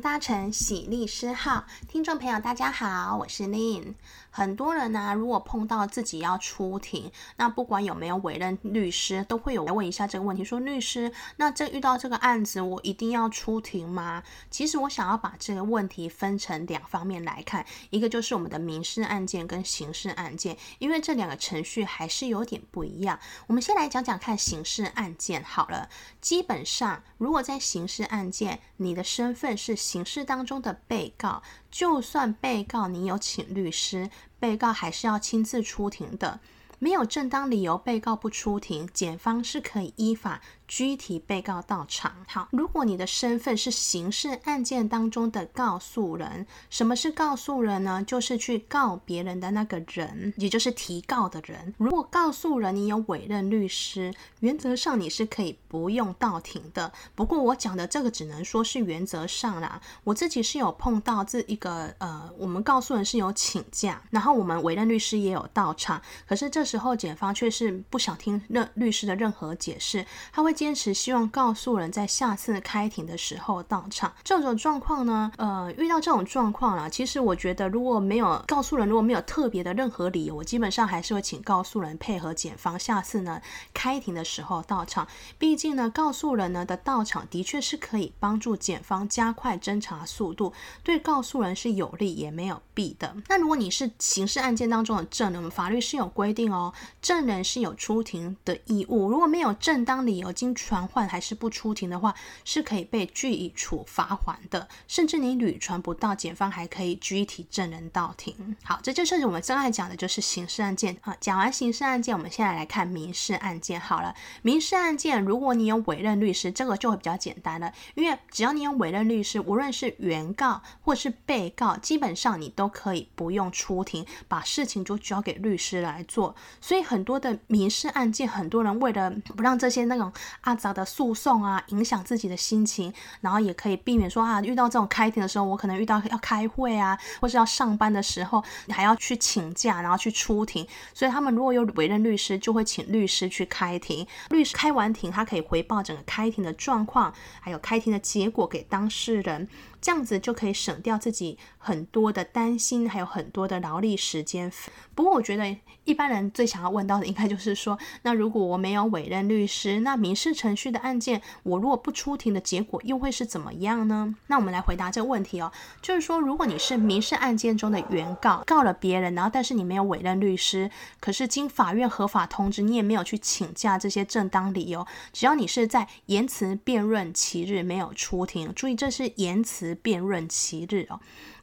搭乘喜麗詩號，聽眾朋友大家好，我是 Lynne。很多人呢、啊，如果碰到自己要出庭，那不管有沒有委任律師，都會有來問一下這個問題：說律師，那這遇到這個案子，我一定要出庭嗎？其實我想要把這個問題分成兩方面來看，一個就是我們的民事案件跟刑事案件，因為這兩個程序還是有點不一樣。我們先來講講看刑事案件好了。基本上，如果在刑事案件，你的身份是刑事當中的被告，就算被告你有請律師，被告還是要親自出庭的。沒有正當理由，被告不出庭，檢方是可以依法。具體被告到場。好，如果你的身份是刑事案件當中的告訴人，什麼是告訴人呢？就是去告別人的那個人，也就是提告的人。如果告訴人你有委任律師，原則上你是可以不用到庭的。不過我講的這個只能說是原則上啦。我自己是有碰到這一個呃，我們告訴人是有請假，然後我們委任律師也有到場，可是這時候檢方卻是不想聽任律師的任何解釋，他會。堅持希望告訴人在下次開庭的時候到場。這種狀況呢，呃，遇到這種狀況了，啊，其實我覺得如果沒有告訴人，如果沒有特別的任何理由，我基本上還是會請告訴人配合檢方下次呢開庭的時候到場。畢竟呢，告訴人呢的到場的確是可以幫助檢方加快偵查速度，對告訴人是有利也沒有弊的。那如果你是刑事案件當中的證人，法律是有規定哦，證人是有出庭的義務，如果沒有正當理由經傳喚還是不出庭的話，是可以被處以罰鍰的，甚至你屢傳不到，檢方還可以拘提證人到庭。好，這就是我們正在講的，就是刑事案件啊。講完刑事案件，我們現在來看民事案件。好了，民事案件，如果你有委任律師，這個就會比較簡單了，因為只要你有委任律師，無論是原告或是被告，基本上你都可以不用出庭，把事情就交給律師來做。所以很多的民事案件，很多人為了不讓這些那種。阿、啊、早的訴訟啊，影響自己的心情，然後也可以避免說啊，遇到這種開庭的時候，我可能遇到要開會啊，或是要上班的時候，你還要去請假，然後去出庭。所以他們如果有委任律師，就會請律師去開庭。律師開完庭，他可以回報整個開庭的狀況，還有開庭的結果給當事人，這樣子就可以省掉自己很多的擔心，還有很多的勞力時間。不過我覺得一般人最想要問到的，應該就是說，那如果我沒有委任律師，那民是程序的案件，我如果不出庭的結果又會是怎麼樣呢？那我們來回答這個問題哦。就是說，如果你是民事案件中的原告，告了別人，然後但是你沒有委任律師，可是經法院合法通知，你也沒有去請假這些正當理由，只要你是在言辭辯論期日沒有出庭，注意這是言辭辯論期日哦。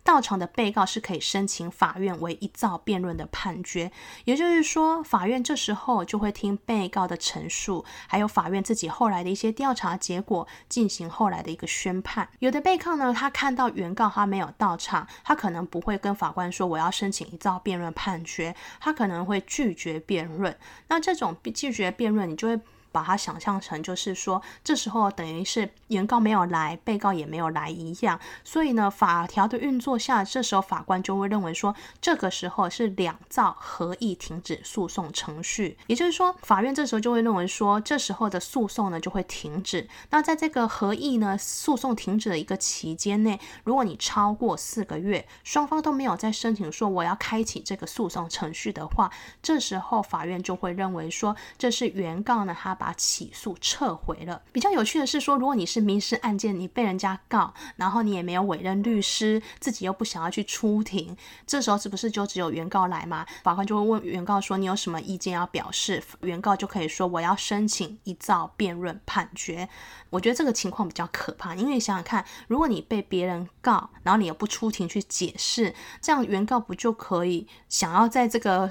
到場的被告是可以申請法院為一造辯論的判決，也就是說，法院這時候就會聽被告的陳述，還有法院自己後來的一些調查結果進行後來的一個宣判。有的被告呢，他看到原告他沒有到場，他可能不會跟法官說我要申請一造辯論判決，他可能會拒絕辯論。那這種拒絕辯論，你就會。把它想象成，就是說，這時候等於是原告沒有來，被告也沒有來一樣。所以呢，法條的運作下，這時候法官就會認為說，這個時候是兩造合意停止訴訟程序，也就是說，法院這時候就會認為說，這時候的訴訟呢就會停止。那在這個合意呢訴訟停止的一個期間內，如果你超過四個月，雙方都沒有再申請說我要開啟這個訴訟程序的話，這時候法院就會認為說，這是原告呢他把把起訴撤回了。比較有趣的是說，說如果你是民事案件，你被人家告，然後你也沒有委任律師，自己又不想要去出庭，這時候是不是就只有原告來嘛？法官就會問原告說：“你有什麼意見要表示？”原告就可以說：“我要申請一造辯論判決。”我覺得這個情況比較可怕，因為你想想看，如果你被別人告，然後你又不出庭去解釋，這樣原告不就可以想要在這個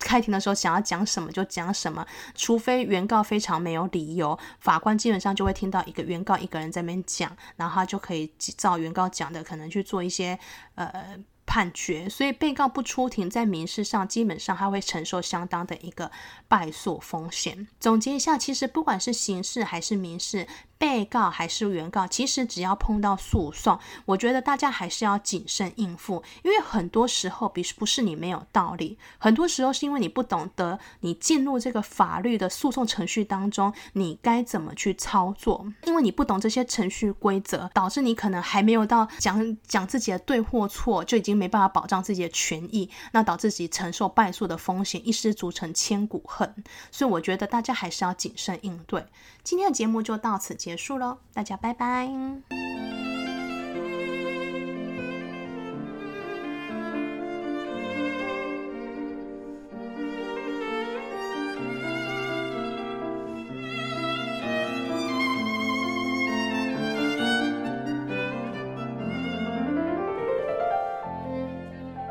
開庭的時候想要講什麼就講什麼，除非原告非常。沒有理由，法官基本上就會聽到一個原告一個人在那邊講，然後他就可以照原告講的可能去做一些呃判決。所以被告不出庭，在民事上基本上他會承受相當的一個敗訴風險。總結一下，其實不管是刑事還是民事。被告還是原告，其實只要碰到訴訟，我覺得大家還是要謹慎應付，因為很多時候不是你沒有道理，很多時候是因為你不懂得你進入這個法律的訴訟程序當中，你該怎麼去操作，因為你不懂這些程序規則，導致你可能還沒有到講講自己的對或錯，就已經沒辦法保障自己的權益，那導致自己承受敗訴的風險，一失足成千古恨。所以我覺得大家還是要謹慎應對。今天的節目就到此結束。結束嘍，大家拜拜。